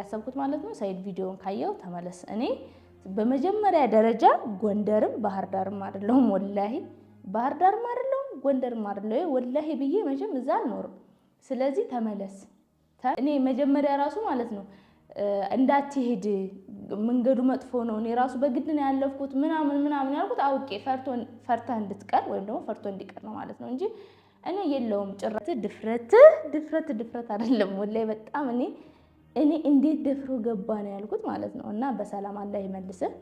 ያሰብኩት ማለት ነው። ሳይድ ቪዲዮን ካየው ተመለስ። እኔ በመጀመሪያ ደረጃ ጎንደርም ባህር ዳርም አይደለሁም፣ ወላሂ ባህር ዳርም አይደለሁም፣ ጎንደርም አይደለሁ፣ ወላሂ ብዬ መቼም እዛ አልኖርም። ስለዚህ ተመለስ። እኔ መጀመሪያ ራሱ ማለት ነው እንዳትሄድ መንገዱ መጥፎ ነው፣ እኔ ራሱ በግድ ነው ያለፍኩት ምናምን ምናምን ያልኩት አውቄ ፈርተህ እንድትቀር ወይም ደግሞ ፈርቶ እንዲቀር ነው ማለት ነው እንጂ እኔ የለውም ጭረት ድፍረት ድፍረት ድፍረት አይደለም ወላሂ በጣም እኔ እኔ እንዴት ደፍሮ ገባ ነው ያልኩት ማለት ነው። እና በሰላም አላህ ይመልስህ።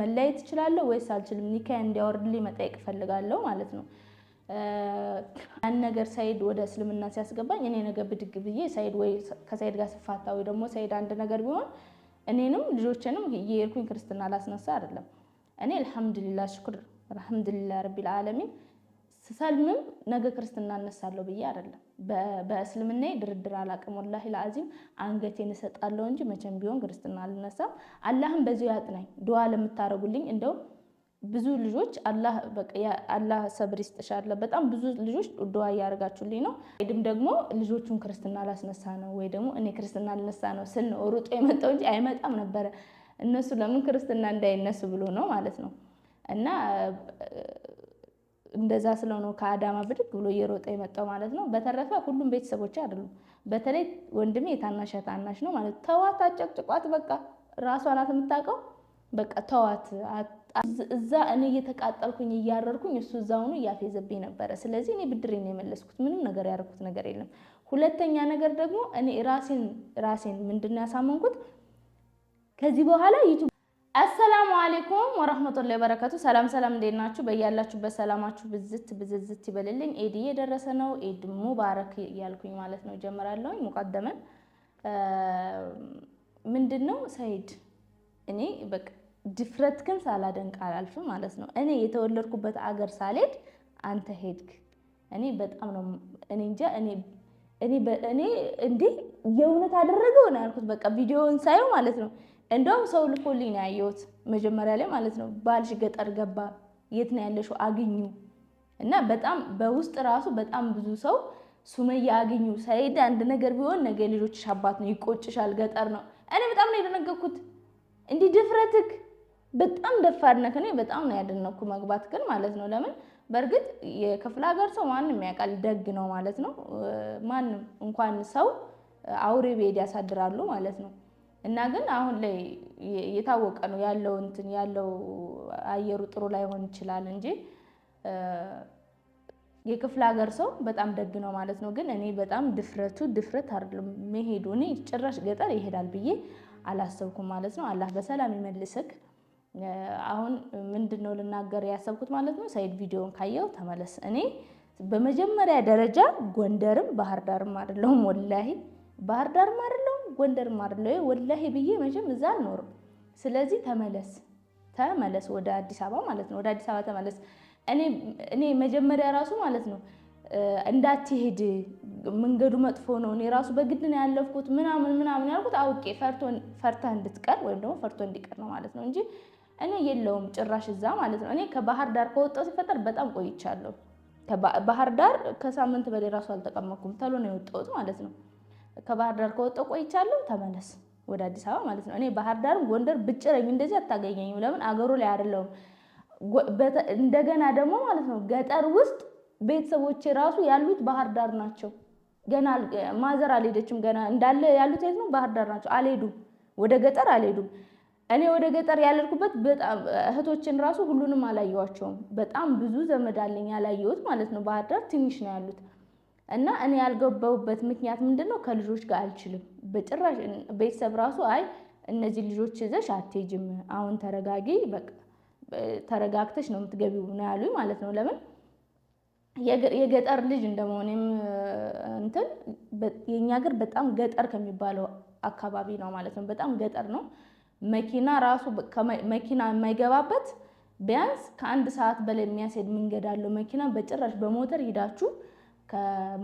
መለያየት እችላለሁ ወይስ አልችልም? ኒካ እንዲያወርድልኝ መጠየቅ እፈልጋለሁ ማለት ነው። ያን ነገር ሰይድ ወደ እስልምና ሲያስገባኝ እኔ ነገ ብድግ ብዬ ሰይድ ወይ ከሰይድ ጋር ስፋታ ወይ ደግሞ ሰይድ አንድ ነገር ቢሆን እኔንም ልጆችንም የርኩኝ ክርስትና ላስነሳ አይደለም። እኔ አልሐምዱሊላ ሽኩር አልሐምዱሊላ ረቢል ዓለሚን ስሰልምም ነገ ክርስትና እነሳለሁ ብዬ አይደለም በእስልምና ድርድር አላቅም። ወላሂ ለአዚም አንገቴን እሰጣለሁ እንጂ መቼም ቢሆን ክርስትና አልነሳም። አላህም በዚሁ ያጥናኝ። ድዋ ለምታደርጉልኝ እንደው ብዙ ልጆች አላህ ሰብር ይስጥሻለ። በጣም ብዙ ልጆች ድዋ እያደረጋችሁልኝ ነው። ወይም ደግሞ ልጆቹን ክርስትና ላስነሳ ነው ወይ ደግሞ እኔ ክርስትና ልነሳ ነው ስል ነው ሩጦ የመጣው እንጂ አይመጣም ነበረ። እነሱ ለምን ክርስትና እንዳይነሱ ብሎ ነው ማለት ነው እና እንደዛ ስለሆነ ከአዳማ ብድግ ብሎ እየሮጠ የመጣው ማለት ነው። በተረፈ ሁሉም ቤተሰቦች አይደሉም። በተለይ ወንድሜ የታናሽ ታናሽ ነው ማለት ተዋት፣ አጨቅጭቋት፣ በቃ ራሷ ናት የምታውቀው። በቃ ተዋት። እዛ እኔ እየተቃጠልኩኝ እያረርኩኝ እሱ እዛ ሆኖ እያፌዘብኝ ነበረ። ስለዚህ እኔ ብድሬን ነው የመለስኩት። ምንም ነገር ያደረኩት ነገር የለም። ሁለተኛ ነገር ደግሞ እኔ ራሴን ራሴን ምንድን ያሳመንኩት ከዚህ በኋላ አሰላሙ አሌይኩም ወረህመቱላሂ በረከቱ። ሰላም ሰላም፣ እንዴት ናችሁ? በያላችሁበት ሰላማችሁ ብዝት ብዝዝት ይበልልኝ። ኤድ እየደረሰ ነው። ኤድ ሙባረክ እያልኩኝ ማለት ነው ጀምራለሁኝ። ሙቀደመን ምንድን ነው ሰይድ፣ እኔ በቃ ድፍረትክን ሳላደንቅ አላልፍም ማለት ነው። እኔ የተወለድኩበት አገር ሳልሄድ አንተ ሄድክ። እኔ በጣም ነው እኔ እንጃ እኔ እኔ እንዴ የእውነት አደረገው ነው ያልኩት። በቃ ቪዲዮውን ሳየው ማለት ነው እንደውም ሰው ልኮልኝ ነው ያየሁት መጀመሪያ ላይ ማለት ነው። ባልሽ ገጠር ገባ፣ የት ነው ያለሽው? አግኙ እና በጣም በውስጥ ራሱ በጣም ብዙ ሰው ሱመያ አግኙ፣ ሰኢድ አንድ ነገር ቢሆን ነገ ልጆችሽ አባት ነው፣ ይቆጭሻል፣ ገጠር ነው። እኔ በጣም ነው የደነገኩት። እንዲህ ድፍረትክ በጣም ደፋር ነክ። እኔ በጣም ነው ያደነኩ መግባት ግን ማለት ነው። ለምን በእርግጥ የክፍለ ሀገር ሰው ማንም ያውቃል፣ ደግ ነው ማለት ነው። ማንም እንኳን ሰው አውሬ ቤድ ያሳድራሉ ማለት ነው። እና ግን አሁን ላይ የታወቀ ነው ያለው እንትን ያለው አየሩ ጥሩ ላይሆን ይችላል እንጂ የክፍለ ሀገር ሰው በጣም ደግ ነው ማለት ነው። ግን እኔ በጣም ድፍረቱ ድፍረት አይደለም መሄዱ እኔ ጭራሽ ገጠር ይሄዳል ብዬ አላሰብኩም ማለት ነው። አላህ በሰላም ይመልስክ። አሁን ምንድን ነው ልናገር ያሰብኩት ማለት ነው። ሳይድ ቪዲዮን ካየው ተመለስ። እኔ በመጀመሪያ ደረጃ ጎንደርም ባህር ዳርም አይደለሁም፣ ወላሂ ባህር ዳርም አይደለሁም ጎንደር ማርለ ወላሄ ብዬ መቼም እዛ አልኖርም። ስለዚህ ተመለስ ተመለስ ወደ አዲስ አበባ ማለት ነው። ወደ አዲስ አበባ ተመለስ። እኔ መጀመሪያ ራሱ ማለት ነው እንዳትሄድ መንገዱ መጥፎ ነው፣ እኔ ራሱ በግድ ነው ያለፍኩት ምናምን ምናምን ያልኩት አውቄ ፈርታ እንድትቀር ወይም ደግሞ ፈርቶ እንዲቀር ነው ማለት ነው እንጂ እኔ የለውም ጭራሽ እዛ ማለት ነው። እኔ ከባህር ዳር ከወጣሁ ሲፈጠር በጣም ቆይቻለሁ። ባህር ዳር ከሳምንት በላይ ራሱ አልተቀመኩም። ተሎ ነው የወጣሁት ማለት ነው። ከባህር ዳር ከወጣ ቆይቻለሁ። ተመለስ ወደ አዲስ አበባ ማለት ነው። እኔ ባህር ዳርም ጎንደር ብጭረኝ እንደዚህ አታገኘኝም። ለምን አገሩ ላይ አይደለሁም። እንደገና ደግሞ ማለት ነው ገጠር ውስጥ ቤተሰቦች ራሱ ያሉት ባህር ዳር ናቸው። ገና ማዘር አልሄደችም። ገና እንዳለ ያሉት የት ነው? ባህር ዳር ናቸው። አልሄዱም፣ ወደ ገጠር አልሄዱም። እኔ ወደ ገጠር ያለልኩበት በጣም እህቶችን ራሱ ሁሉንም አላየዋቸውም። በጣም ብዙ ዘመድ አለኝ ያላየሁት ማለት ነው። ባህር ዳር ትንሽ ነው ያሉት። እና እኔ ያልገባሁበት ምክንያት ምንድን ነው? ከልጆች ጋር አልችልም በጭራሽ። ቤተሰብ ራሱ አይ እነዚህ ልጆች ይዘሽ አትሄጂም፣ አሁን ተረጋጊ፣ ተረጋግተሽ ነው የምትገቢው ነው ያሉኝ ማለት ነው። ለምን የገጠር ልጅ እንደመሆኔም እንትን የእኛ ሀገር በጣም ገጠር ከሚባለው አካባቢ ነው ማለት ነው። በጣም ገጠር ነው። መኪና ራሱ መኪና የማይገባበት ቢያንስ ከአንድ ሰዓት በላይ የሚያስሄድ መንገድ አለው። መኪና በጭራሽ በሞተር ሂዳችሁ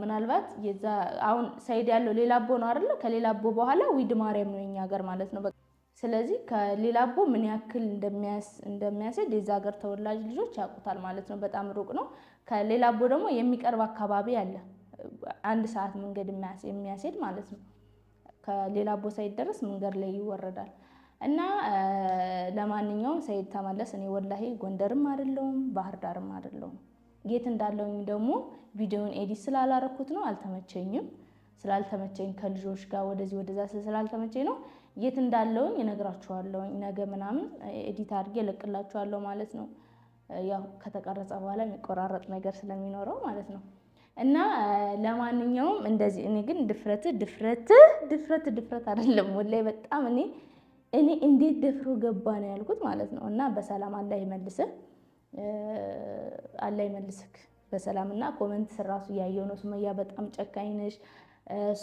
ምናልባት የዛ አሁን ሰይድ ያለው ሌላ አቦ ነው አይደለ? አቦ በኋላ ዊድ ማርያም ነው የኛ ሀገር ማለት ነው። ስለዚህ ከሌላቦ ምን ያክል እንደሚያስድ የዛ ሀገር ተወላጅ ልጆች ያውቁታል ማለት ነው። በጣም ሩቅ ነው። ከሌላቦ ደግሞ የሚቀርብ አካባቢ አለ፣ አንድ ሰዓት መንገድ የሚያስሄድ ማለት ነው። ሳይድ ሳይደረስ መንገድ ላይ ይወረዳል። እና ለማንኛውም ሰይድ ተመለስ። እኔ ወላሂ ጎንደርም አይደለውም ባህር ዳርም አይደለውም። የት እንዳለውኝ ደግሞ ቪዲዮን ኤዲት ስላላረኩት ነው። አልተመቸኝም። ስላልተመቸኝ ከልጆች ጋር ወደዚህ ወደዛ ስላልተመቸኝ ነው። የት እንዳለውኝ እነግራችኋለሁኝ። ነገ ምናምን ኤዲት አድርጌ እለቅላችኋለሁ ማለት ነው። ያው ከተቀረጸ በኋላ የሚቆራረጥ ነገር ስለሚኖረው ማለት ነው። እና ለማንኛውም እንደዚህ እኔ ግን ድፍረት ድፍረት ድፍረት ድፍረት አይደለም ወላሂ በጣም እኔ እኔ እንዴት ደፍሮ ገባ ነው ያልኩት ማለት ነው። እና በሰላም አላህ ይመልስህ። አላ ይመልስክ በሰላም እና ኮመንት ራሱ እያየው ነው። ሱመያ በጣም ጨካኝ ነሽ፣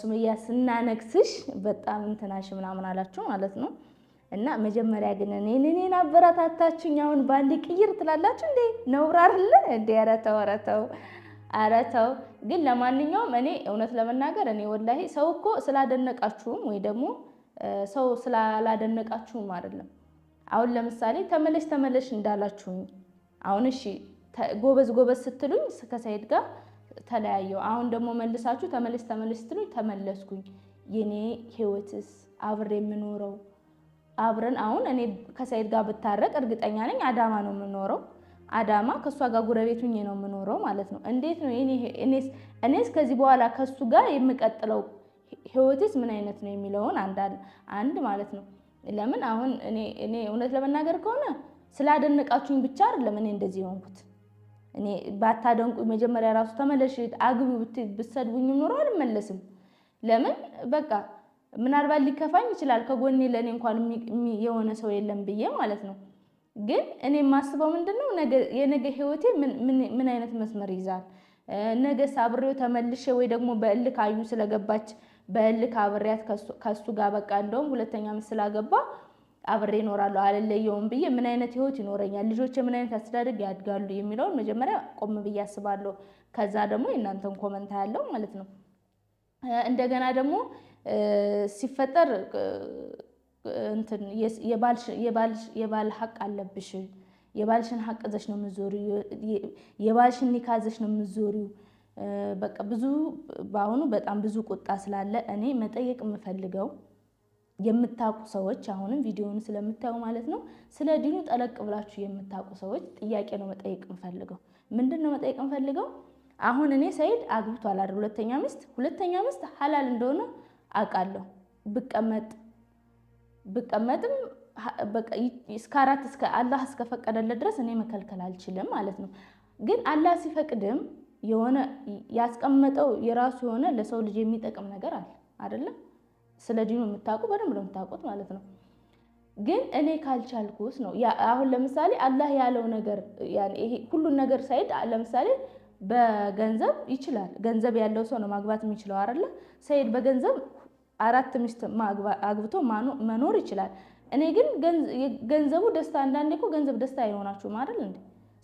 ሱመያ ስናነግስሽ በጣም እንትናሽ ምናምን አላችሁ ማለት ነው። እና መጀመሪያ ግን እኔን እኔን አበረታታችሁኝ። አሁን በአንድ ቅይር ትላላችሁ እንዴ? ነውር አይደለ እንዴ? ኧረ ተው፣ ኧረ ተው፣ ኧረ ተው። ግን ለማንኛውም እኔ እውነት ለመናገር እኔ ወላሂ ሰው እኮ ስላደነቃችሁም ወይ ደግሞ ሰው ስላላደነቃችሁም አይደለም። አሁን ለምሳሌ ተመለሽ ተመለሽ እንዳላችሁኝ አሁን እሺ ጎበዝ ጎበዝ ስትሉኝ ከሰይድ ጋር ተለያየው። አሁን ደግሞ መልሳችሁ ተመለስ ተመለስ ስትሉኝ ተመለስኩኝ። የኔ ህይወትስ አብሬ የምኖረው አብረን አሁን እኔ ከሰይድ ጋር ብታረቅ እርግጠኛ ነኝ አዳማ ነው የምኖረው። አዳማ ከእሷ ጋር ጉረቤቱኝ ነው የምኖረው ማለት ነው። እንዴት ነው እኔስ ከዚህ በኋላ ከሱ ጋር የምቀጥለው ህይወትስ ምን አይነት ነው የሚለውን አንድ ማለት ነው። ለምን አሁን እኔ እውነት ለመናገር ከሆነ ስላደነቃችሁኝ ብቻ አይደለም እኔ እንደዚህ የሆንኩት። እኔ ባታደንቁ መጀመሪያ ራሱ ተመለሽ አግቢ ብትሰድቡኝ ኖሮ አልመለስም። ለምን በቃ ምናልባት ሊከፋኝ ይችላል፣ ከጎኔ ለእኔ እንኳን የሆነ ሰው የለም ብዬ ማለት ነው። ግን እኔ የማስበው ምንድነው የነገ ህይወቴ ምን አይነት መስመር ይዛል? ነገ ሳብሬው ተመልሼ ወይ ደግሞ በእልክ አዩ ስለገባች በእልክ አብሬያት ከሱ ጋር በቃ እንደውም ሁለተኛ ምስል አገባ አብሬ እኖራለሁ አልለየውም ብዬ ምን አይነት ህይወት ይኖረኛል፣ ልጆች ምን አይነት አስተዳደግ ያድጋሉ የሚለውን መጀመሪያ ቆም ብዬ አስባለሁ። ከዛ ደግሞ የእናንተን ኮመንት ያለው ማለት ነው። እንደገና ደግሞ ሲፈጠር የባል ሀቅ አለብሽ፣ የባልሽን ሀቅ ዘሽ ነው የምትዞሪው፣ የባልሽን ኒካ ዘሽ ነው የምትዞሪው። በቃ ብዙ በአሁኑ በጣም ብዙ ቁጣ ስላለ እኔ መጠየቅ የምፈልገው የምታውቁ ሰዎች አሁንም ቪዲዮውን ስለምታዩ ማለት ነው፣ ስለ ዲኑ ጠለቅ ብላችሁ የምታውቁ ሰዎች ጥያቄ ነው መጠየቅ ምፈልገው። ምንድን ነው መጠየቅ ምፈልገው? አሁን እኔ ሰይድ አግብቷል አይደል? ሁለተኛ ሚስት ሁለተኛ ሚስት ሀላል እንደሆነ አውቃለሁ። ብቀመጥ ብቀመጥም እስከ አራት እስከ አላህ እስከፈቀደለት ድረስ እኔ መከልከል አልችልም ማለት ነው። ግን አላህ ሲፈቅድም የሆነ ያስቀመጠው የራሱ የሆነ ለሰው ልጅ የሚጠቅም ነገር አለ አይደለም ስለ ዲኑ የምታውቁ በደንብ ነው የምታውቁት ማለት ነው። ግን እኔ ካልቻልኩስ ነው አሁን ለምሳሌ አላህ ያለው ነገር ሁሉን ነገር ሳይድ ለምሳሌ በገንዘብ ይችላል። ገንዘብ ያለው ሰው ነው ማግባት የሚችለው አይደለ? ሰይድ በገንዘብ አራት ሚስት አግብቶ መኖር ይችላል። እኔ ግን ገንዘቡ ደስታ አንዳንዴ እኮ ገንዘብ ደስታ አይሆናችሁም አይደል እንዴ?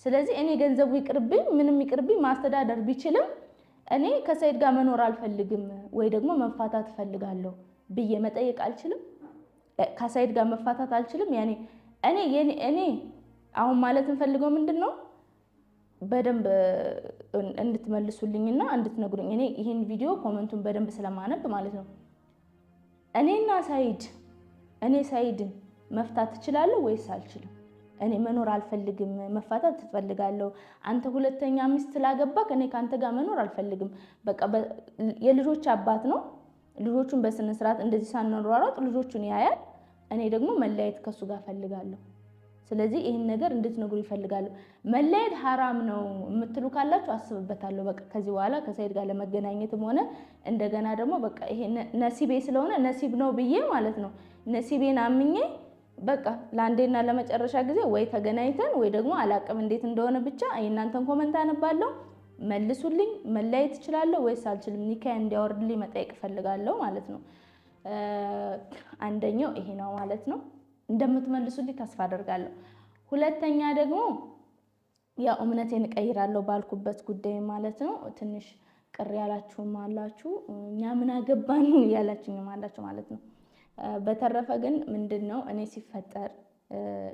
ስለዚህ እኔ ገንዘቡ ይቅርብኝ፣ ምንም ይቅርብኝ፣ ማስተዳደር ቢችልም እኔ ከሰይድ ጋር መኖር አልፈልግም፣ ወይ ደግሞ መፋታት እፈልጋለሁ ብዬ መጠየቅ አልችልም። ከሳይድ ጋር መፋታት አልችልም። ያኔ እኔ እኔ አሁን ማለት እንፈልገው ምንድን ነው በደንብ እንድትመልሱልኝና እንድትነግሩኝ። እኔ ይህን ቪዲዮ ኮመንቱን በደንብ ስለማነብ ማለት ነው። እኔና ሳይድ እኔ ሳይድን መፍታት ትችላለሁ ወይስ አልችልም? እኔ መኖር አልፈልግም፣ መፋታት ትፈልጋለሁ። አንተ ሁለተኛ ሚስት ስላገባክ እኔ ከአንተ ጋር መኖር አልፈልግም። በቃ የልጆች አባት ነው ልጆቹን በስነ ስርዓት እንደዚህ ሳንሯሯጥ ልጆቹን ያያል። እኔ ደግሞ መለያየት ከሱ ጋር ፈልጋለሁ። ስለዚህ ይህን ነገር እንድትነግሩ ይፈልጋሉ። መለየት ሀራም ነው የምትሉ ካላችሁ አስብበታለሁ። በቃ ከዚህ በኋላ ከሰይድ ጋር ለመገናኘትም ሆነ እንደገና ደግሞ በቃ ይሄ ነሲቤ ስለሆነ ነሲብ ነው ብዬ ማለት ነው ነሲቤን አምኜ በቃ ለአንዴና ለመጨረሻ ጊዜ ወይ ተገናኝተን ወይ ደግሞ አላቅም እንዴት እንደሆነ ብቻ የእናንተን ኮመንት አነባለሁ። መልሱልኝ። መለያየት እችላለሁ ወይስ አልችልም? ኒካያ እንዲያወርድልኝ መጠየቅ እፈልጋለሁ ማለት ነው። አንደኛው ይሄ ነው ማለት ነው። እንደምትመልሱልኝ ተስፋ አደርጋለሁ። ሁለተኛ ደግሞ ያው እምነቴን እቀይራለሁ ባልኩበት ጉዳይ ማለት ነው። ትንሽ ቅር ያላችሁም አላችሁ፣ እኛ ምን አገባን ያላችሁኝም አላችሁ ማለት ነው። በተረፈ ግን ምንድን ነው እኔ ሲፈጠር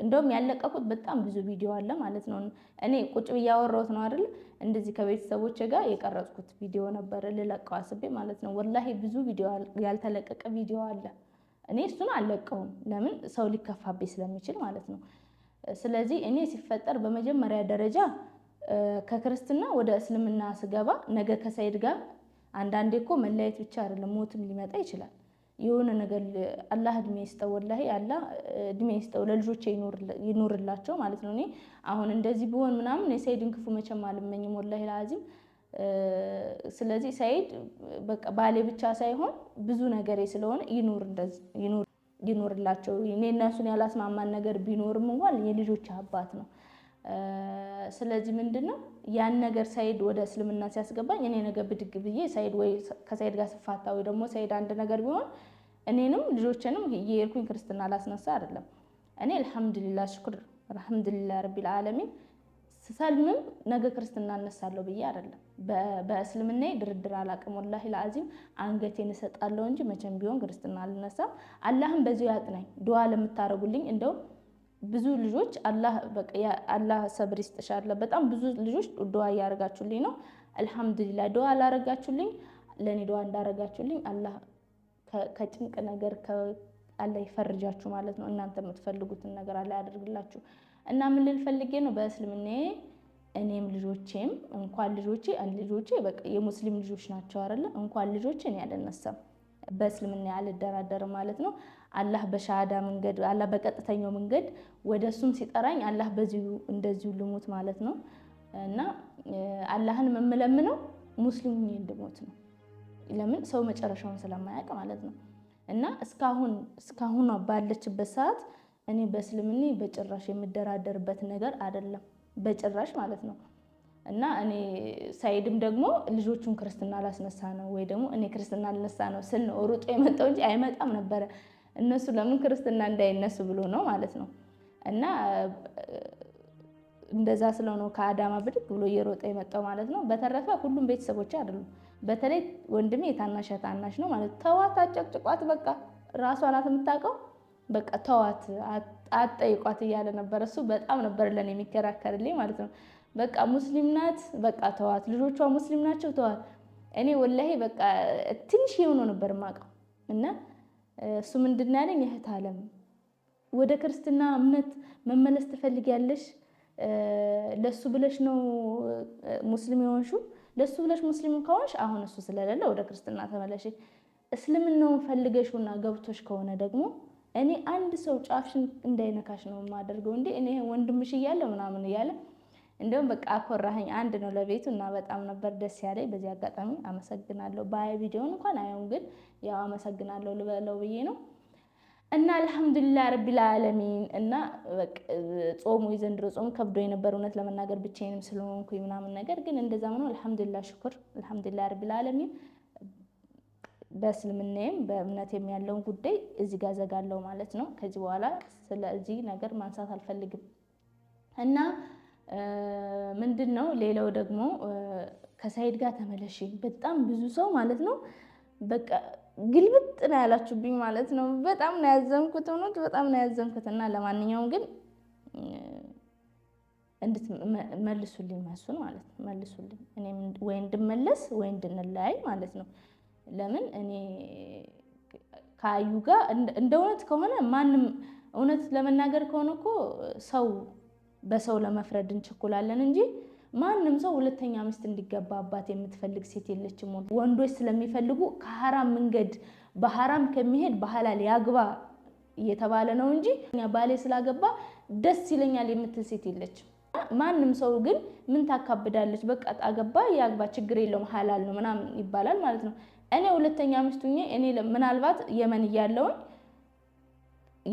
እንደውም ያለቀኩት በጣም ብዙ ቪዲዮ አለ ማለት ነው። እኔ ቁጭ ብዬ ነው አይደል? እንደዚህ ከቤተሰቦች ጋር የቀረጽኩት ቪዲዮ ነበር ልለቀው አስቤ ማለት ነው። ወላሂ ብዙ ቪዲዮ ያልተለቀቀ ቪዲዮ አለ። እኔ እሱን አልለቀውም፣ ለምን ሰው ሊከፋብኝ ስለሚችል ማለት ነው። ስለዚህ እኔ ሲፈጠር በመጀመሪያ ደረጃ ከክርስትና ወደ እስልምና ስገባ ነገ ከሰይድ ጋር አንዳንዴ እኮ መለያየት ብቻ አይደለም ሞትም ሊመጣ ይችላል። የሆነ ነገር አላህ እድሜ ይስጠው፣ ወላሂ አላህ እድሜ ይስጠው፣ ለልጆቼ ይኖርላቸው ማለት ነው። እኔ አሁን እንደዚህ ብሆን ምናምን የሰይድን ክፉ መቼም አልመኝም ወላሂ ለአዚም። ስለዚህ ሰይድ በቃ ባሌ ብቻ ሳይሆን ብዙ ነገሬ ስለሆነ ይኖርላቸው። እኔ እና ያላስማማን ነገር ቢኖርም እንኳን የልጆች አባት ነው። ስለዚህ ምንድን ነው ያን ነገር ሳይድ ወደ እስልምና ሲያስገባኝ እኔ ነገ ብድግ ብዬ ሰይድ ወይ ከሰይድ ጋር ስፋታ ወይ ደግሞ ሰይድ አንድ ነገር ቢሆን እኔንም ልጆችንም የኤርኩኝ ክርስትና ላስነሳ አይደለም። እኔ አልሐምዱሊላ ሽኩር አልሐምዱሊላ ረቢል ዓለሚን ሰልምም ነገ ክርስትና እነሳለሁ ብዬ አይደለም። በእስልምና ድርድር አላቅም። ወላሂ ለአዚም አንገቴን እሰጣለሁ እንጂ መቼም ቢሆን ክርስትና አልነሳም። አላህም በዚሁ ያጥናኝ። ድዋ ለምታደርጉልኝ እንደውም ብዙ ልጆች አላህ ሰብር ይስጥሻለ። በጣም ብዙ ልጆች ዱዓ እያደረጋችሁልኝ ነው። አልሐምዱሊላ ዱዓ አላረጋችሁልኝ፣ ለእኔ ዱዓ እንዳረጋችሁልኝ አላህ ከጭንቅ ነገር አላህ ይፈርጃችሁ ማለት ነው። እናንተ የምትፈልጉትን ነገር አላህ ያደርግላችሁ እና ምን ልል ፈልጌ ነው በእስልምና እኔም ልጆቼም እንኳን ልጆቼ ልጆቼ የሙስሊም ልጆች ናቸው አይደለ? እንኳን ልጆቼ እኔ አልነሳም በእስልምና አልደራደርም ማለት ነው። አላህ በሻሃዳ መንገድ አላህ በቀጥተኛው መንገድ ወደ እሱም ሲጠራኝ አላህ በዚሁ እንደዚሁ ልሙት ማለት ነው እና አላህን የምለምነው ሙስሊም ሆኜ እንድሞት ነው። ለምን ሰው መጨረሻውን ስለማያውቅ ማለት ነው። እና እስካሁን እስካሁን ባለችበት ሰዓት እኔ በእስልምና በጭራሽ የምደራደርበት ነገር አይደለም፣ በጭራሽ ማለት ነው። እና እኔ ሳይድም ደግሞ ልጆቹን ክርስትና ላስነሳ ነው ወይ ደግሞ እኔ ክርስትና ልነሳ ነው ስል ነው ሩጦ የመጣው እንጂ አይመጣም ነበረ። እነሱ ለምን ክርስትና እንዳይነሱ ብሎ ነው ማለት ነው። እና እንደዛ ስለሆነ ከአዳማ ብድግ ብሎ እየሮጠ የመጣው ማለት ነው። በተረፈ ሁሉም ቤተሰቦች አይደሉም። በተለይ ወንድሜ የታናሽ ታናሽ ነው ማለት ተዋት፣ አጨቅጭቋት፣ በቃ ራሷ ናት የምታውቀው፣ በቃ ተዋት፣ አጠይቋት እያለ ነበረ። እሱ በጣም ነበር ለኔ የሚከራከርልኝ ማለት ነው። በቃ ሙስሊም ናት፣ በቃ ተዋት፣ ልጆቿ ሙስሊም ናቸው፣ ተዋት። እኔ ወላሄ በቃ ትንሽ የሆነው ነበር ማቀው እና እሱ ምንድን ያለኝ እህት አለም ወደ ክርስትና እምነት መመለስ ትፈልጊያለሽ? ለሱ ብለሽ ነው ሙስሊም የሆንሽው? ለሱ ብለሽ ሙስሊም ከሆንሽ አሁን እሱ ስለሌለ ወደ ክርስትና ተመለሽ። እስልምናውን ፈልገሽውና ገብቶሽ ከሆነ ደግሞ እኔ አንድ ሰው ጫፍሽን እንዳይነካሽ ነው የማደርገው እንዴ እኔ ወንድምሽ እያለ ምናምን እያለ እንደውም በቃ አኮራኸኝ። አንድ ነው ለቤቱ እና በጣም ነበር ደስ ያለኝ። በዚህ አጋጣሚ አመሰግናለሁ። በአይ ቪዲዮን እንኳን አየውም፣ ግን ያው አመሰግናለሁ ልበለው ብዬ ነው እና አልሐምዱሊላህ ረቢል ዓለሚን እና ጾሙ የዘንድሮ ጾም ከብዶ የነበር እውነት ለመናገር ብቻዬንም ስለሆንኩ ምናምን ነገር ግን እንደዛ ምነው አልሐምዱሊላህ ሽኩር አልሐምዱሊላህ ረቢል ዓለሚን በእስልምናዬም በእምነቴም ያለውን ጉዳይ እዚህ ጋር ዘጋለው ማለት ነው። ከዚህ በኋላ ስለዚህ ነገር ማንሳት አልፈልግም እና ምንድን ነው ሌላው ደግሞ ከሳይድ ጋር ተመለሽ። በጣም ብዙ ሰው ማለት ነው በቃ ግልብጥ ነው ያላችሁብኝ ማለት ነው። በጣም ነው ያዘንኩት፣ እውነት በጣም ነው ያዘንኩት። እና ለማንኛውም ግን እንድትመልሱልኝ መሱን ማለት ነው መልሱልኝ፣ እኔ ወይ እንድመለስ ወይ እንድንለያይ ማለት ነው። ለምን እኔ ከአዩ ጋር እንደ እውነት ከሆነ ማንም እውነት ለመናገር ከሆነ እኮ ሰው በሰው ለመፍረድ እንችኩላለን እንጂ ማንም ሰው ሁለተኛ ሚስት እንዲገባ አባት የምትፈልግ ሴት የለችም። ወንዶች ስለሚፈልጉ ከሀራም መንገድ በሀራም ከሚሄድ ባህላል ያግባ እየተባለ ነው እንጂ ባሌ ስላገባ ደስ ይለኛል የምትል ሴት የለችም። ማንም ሰው ግን ምን ታካብዳለች፣ በቃ ጣገባ ያግባ ችግር የለውም ሀላል ነው ምናምን ይባላል ማለት ነው። እኔ ሁለተኛ ሚስቱ እኔ ምናልባት የመን እያለውን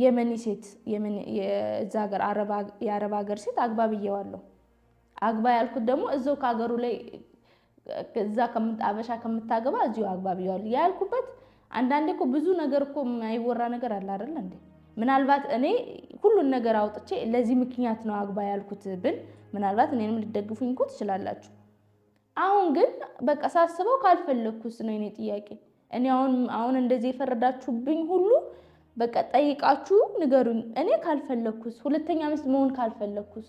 የመኒ ሴት የዛ ሀገር የአረብ ሀገር ሴት አግባ ብዬዋለሁ። አግባ ያልኩት ደግሞ እዛው ከሀገሩ ላይ እዛ አበሻ ከምታገባ እዚሁ አግባ ብዬዋለሁ ያልኩበት። አንዳንዴ እኮ ብዙ ነገር እኮ የማይወራ ነገር አለ አይደለ እንዴ? ምናልባት እኔ ሁሉን ነገር አውጥቼ ለዚህ ምክንያት ነው አግባ ያልኩት ብል ምናልባት እኔንም ልደግፉኝ እኮ ትችላላችሁ። አሁን ግን በቃ ሳስበው ካልፈለግኩስ ነው የኔ ጥያቄ። እኔ አሁን አሁን እንደዚህ የፈረዳችሁብኝ ሁሉ በቃ ጠይቃችሁ ንገሩኝ። እኔ ካልፈለግኩስ ሁለተኛ ሚስት መሆን ካልፈለግኩስ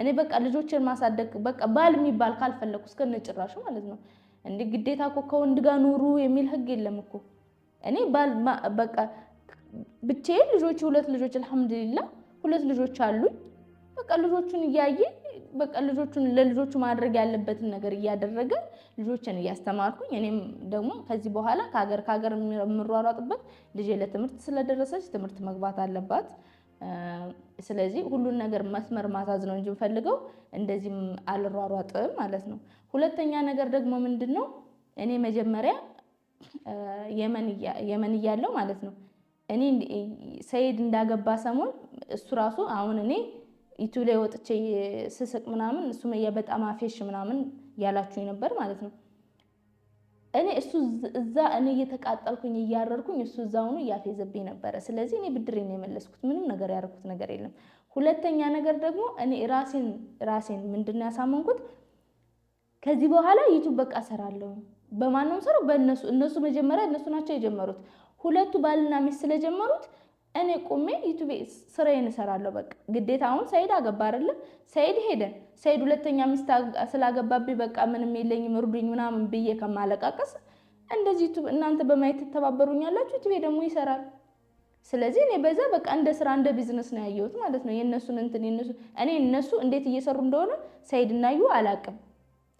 እኔ በቃ ልጆችን ማሳደግ በቃ ባል የሚባል ካልፈለግኩ እስከነጭራሹ ማለት ነው። እንዲህ ግዴታ እኮ ከወንድ ጋር ኑሩ የሚል ህግ የለም እኮ። እኔ ባል በቃ ብቻዬን ልጆች ሁለት ልጆች አልሐምዱሊላ ሁለት ልጆች አሉኝ። በቃ ልጆቹን እያየ በቃ ልጆቹን ለልጆቹ ማድረግ ያለበትን ነገር እያደረገ ልጆችን እያስተማርኩኝ እኔም ደግሞ ከዚህ በኋላ ከሀገር ከሀገር የምሯሯጥበት ልጄ ለትምህርት ስለደረሰች ትምህርት መግባት አለባት። ስለዚህ ሁሉን ነገር መስመር ማሳዝ ነው እንጂ ፈልገው እንደዚህም አልሯሯጥም ማለት ነው። ሁለተኛ ነገር ደግሞ ምንድን ነው እኔ መጀመሪያ የመን እያለው ማለት ነው እኔ ሰይድ እንዳገባ ሰሞን እሱ ራሱ አሁን እኔ ዩቲብ ላይ ወጥቼ ስስቅ ምናምን ሱመያ በጣም አፌሽ ምናምን ያላችሁኝ ነበር ማለት ነው። እኔ እሱ እዛ እኔ እየተቃጠልኩኝ እያረርኩኝ እሱ እዛ ሆኖ እያፌዘብኝ ነበረ። ስለዚህ እኔ ብድሬን የመለስኩት ምንም ነገር ያደረኩት ነገር የለም። ሁለተኛ ነገር ደግሞ እኔ ራሴን ራሴን ምንድን ነው ያሳመንኩት ከዚህ በኋላ ዩቱብ በቃ እሰራለሁ። በማንም ሰሩ በእነሱ እነሱ መጀመሪያ እነሱ ናቸው የጀመሩት ሁለቱ ባልና ሚስት ስለጀመሩት እኔ ቁሜ ዩቱቤ ስራዬን እሰራለሁ። በቃ ግዴታ አሁን ሰይድ አገባ አይደለም? ሰይድ ሄደ። ሰይድ ሁለተኛ ሚስት ስላገባብኝ በቃ ምንም የለኝም እርዱኝ ምናምን ብዬ ከማለቃቀስ እንደዚህ ዩቱብ እናንተ በማየት ትተባበሩኛላችሁ፣ ዩቱቤ ደግሞ ይሰራል። ስለዚህ እኔ በዛ በቃ እንደ ስራ እንደ ቢዝነስ ነው ያየሁት ማለት ነው። የእነሱን እንትን የነሱ እኔ እነሱ እንዴት እየሰሩ እንደሆነ ሰይድ እናዩ አላቅም፣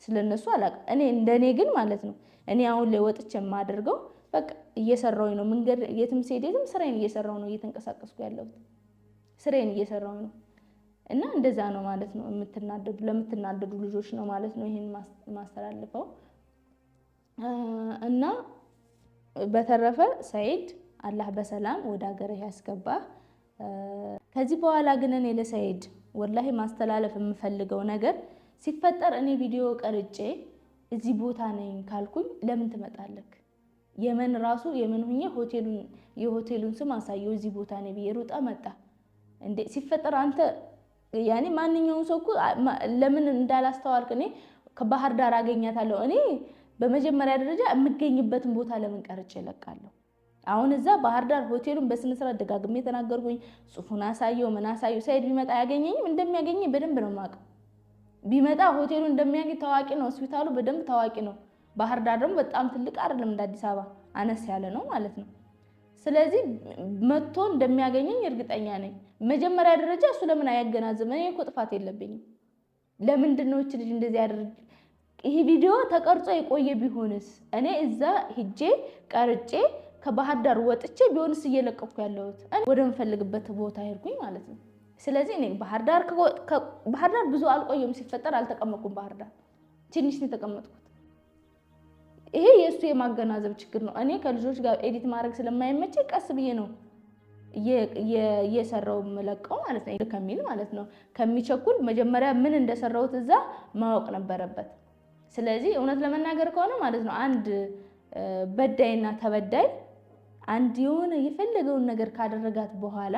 ስለነሱ አላቅም። እኔ እንደኔ ግን ማለት ነው እኔ አሁን ላይ ወጥቼ የማደርገው በቃ እየሰራሁኝ ነው። መንገድ የትም ስሄድ የትም ስራዬን እየሰራሁ ነው፣ እየተንቀሳቀስኩ ያለሁት ስራዬን እየሰራሁ ነው። እና እንደዛ ነው ማለት ነው። የምትናደዱ ለምትናደዱ ልጆች ነው ማለት ነው ይህን ማስተላልፈው። እና በተረፈ ሰይድ አላህ በሰላም ወደ ሀገር ያስገባ። ከዚህ በኋላ ግን እኔ ለሰይድ ወላሂ ማስተላለፍ የምፈልገው ነገር ሲፈጠር እኔ ቪዲዮ ቀርጬ እዚህ ቦታ ነኝ ካልኩኝ ለምን ትመጣለህ? የመን ራሱ የመን ሁኜ የሆቴሉን ስም አሳየው። እዚህ ቦታ ነው ብዬ ሩጣ መጣ። እንዴ ሲፈጠር አንተ ያኔ ማንኛውም ሰው እኮ ለምን እንዳላስተዋልክ እኔ ከባህር ዳር አገኛታለሁ። እኔ በመጀመሪያ ደረጃ የምገኝበትን ቦታ ለምን ቀርጬ እለቃለሁ? አሁን እዛ ባህር ዳር ሆቴሉን በስነ ስርዓት ደጋግሜ የተናገርኩኝ፣ ጽሁፉን አሳየው፣ ምን አሳየው። ሳይድ ቢመጣ አያገኘኝም። እንደሚያገኘኝ በደንብ ነው የማውቀው። ቢመጣ ሆቴሉ እንደሚያገኝ ታዋቂ ነው፣ ሆስፒታሉ በደንብ ታዋቂ ነው። ባህር ዳር ደግሞ በጣም ትልቅ አይደለም፣ እንደ አዲስ አበባ አነስ ያለ ነው ማለት ነው። ስለዚህ መጥቶ እንደሚያገኘኝ እርግጠኛ ነኝ። መጀመሪያ ደረጃ እሱ ለምን አያገናዘበ? እኔ እኮ ጥፋት የለብኝም። ለምንድን ነው ይህች ልጅ እንደዚህ ያደርግ? ይህ ቪዲዮ ተቀርጾ የቆየ ቢሆንስ እኔ እዛ ሂጄ ቀርጬ ከባህር ዳር ወጥቼ ቢሆንስ እየለቀኩ ያለሁት ወደምፈልግበት ቦታ ሄድኩኝ ማለት ነው። ስለዚህ እኔ ባህር ዳር ብዙ አልቆየም። ሲፈጠር አልተቀመጥኩም። ባህር ዳር ትንሽ ነው የተቀመጥኩት። ይሄ የእሱ የማገናዘብ ችግር ነው። እኔ ከልጆች ጋር ኤዲት ማድረግ ስለማይመች ቀስ ብዬ ነው የሰራው የምለቀው ማለት ነው ከሚል ማለት ነው ከሚቸኩል መጀመሪያ ምን እንደሰራሁት እዛ ማወቅ ነበረበት። ስለዚህ እውነት ለመናገር ከሆነ ማለት ነው አንድ በዳይና ተበዳይ አንድ የሆነ የፈለገውን ነገር ካደረጋት በኋላ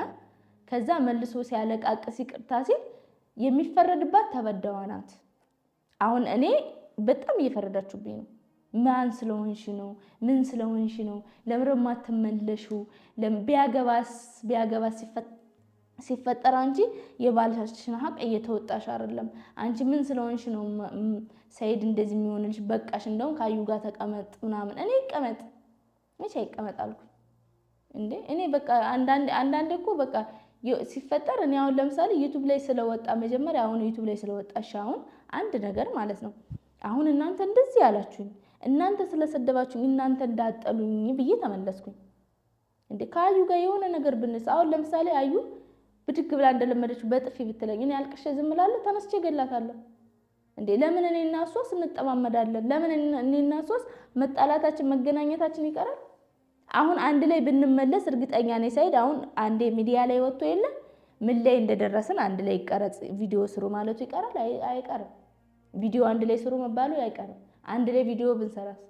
ከዛ መልሶ ሲያለቃቅስ ይቅርታ ሲል የሚፈረድባት ተበዳዋ ናት። አሁን እኔ በጣም እየፈረዳችሁብኝ ነው። ማን ስለሆንሽ ነው? ምን ስለሆንሽ ነው? ለምረ ማትመለሹ ቢያገባስ ቢያገባስ ሲፈጠር አንቺ የባልሽን ሀቅ እየተወጣሽ አይደለም። አንቺ ምን ስለሆንሽ ነው ሰይድ እንደዚህ የሚሆንልሽ? በቃሽ። እንደውም ከአዩ ጋር ተቀመጥ ምናምን። እኔ ይቀመጥ መቼ ይቀመጣልኩ እንዴ? እኔ በቃ አንዳንዴ እኮ በቃ ሲፈጠር እኔ አሁን ለምሳሌ ዩቱብ ላይ ስለወጣ መጀመሪያ አሁን ዩቱብ ላይ ስለወጣሽ አሁን አንድ ነገር ማለት ነው አሁን እናንተ እንደዚህ ያላችሁኝ እናንተ ስለሰደባችሁኝ እናንተ እንዳጠሉኝ ብዬ ተመለስኩኝ። እንዴ ከአዩ ጋር የሆነ ነገር ብንስ አሁን ለምሳሌ አዩ ብድግ ብላ እንደለመደችው በጥፊ ብትለኝ እኔ አልቅሼ ዝም እላለሁ? ተነስቼ ገላታለሁ። እንዴ ለምን እኔ እና እሷስ እንጠማመዳለን? ለምን እኔ እና እሷስ መጣላታችን መገናኘታችን ይቀራል? አሁን አንድ ላይ ብንመለስ እርግጠኛ ነኝ ሳይድ አሁን አንዴ ሚዲያ ላይ ወጥቶ የለ ምን ላይ እንደደረስን አንድ ላይ ይቀረጽ ቪዲዮ ስሩ ማለቱ ይቀራል? አይቀርም። ቪዲዮ አንድ ላይ ስሩ መባሉ አይቀርም። አንድ ላይ ቪዲዮ ብንሰራስ?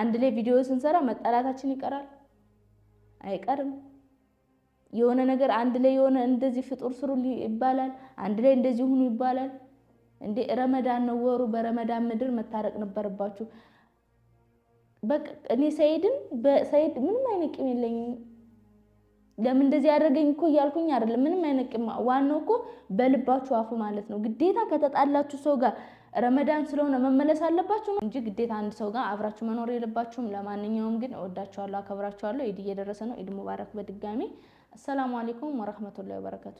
አንድ ላይ ቪዲዮ ስንሰራ መጠላታችን ይቀራል አይቀርም? የሆነ ነገር አንድ ላይ የሆነ እንደዚህ ፍጡር ስሩ ይባላል፣ አንድ ላይ እንደዚህ ሁኑ ይባላል። እንዴ ረመዳን ነው ወሩ። በረመዳን ምድር መታረቅ ነበረባችሁ። በቃ እኔ ሰይድን በሰይድ ምንም አይነት ቂም የለኝም። ለምን እንደዚህ ያደረገኝ እኮ እያልኩኝ አይደለም። ምንም አይነት ቂም ዋናው እኮ በልባችሁ አፉ ማለት ነው። ግዴታ ከተጣላችሁ ሰው ጋር ረመዳን ስለሆነ መመለስ አለባችሁ እንጂ ግዴታ አንድ ሰው ጋር አብራችሁ መኖር የለባችሁም። ለማንኛውም ግን እወዳችኋለሁ፣ አከብራችኋለሁ። ኢድ እየደረሰ ነው። ኢድ ሙባረክ በድጋሚ። አሰላሙ አሌይኩም ወረህመቱላሂ ወበረከቱ።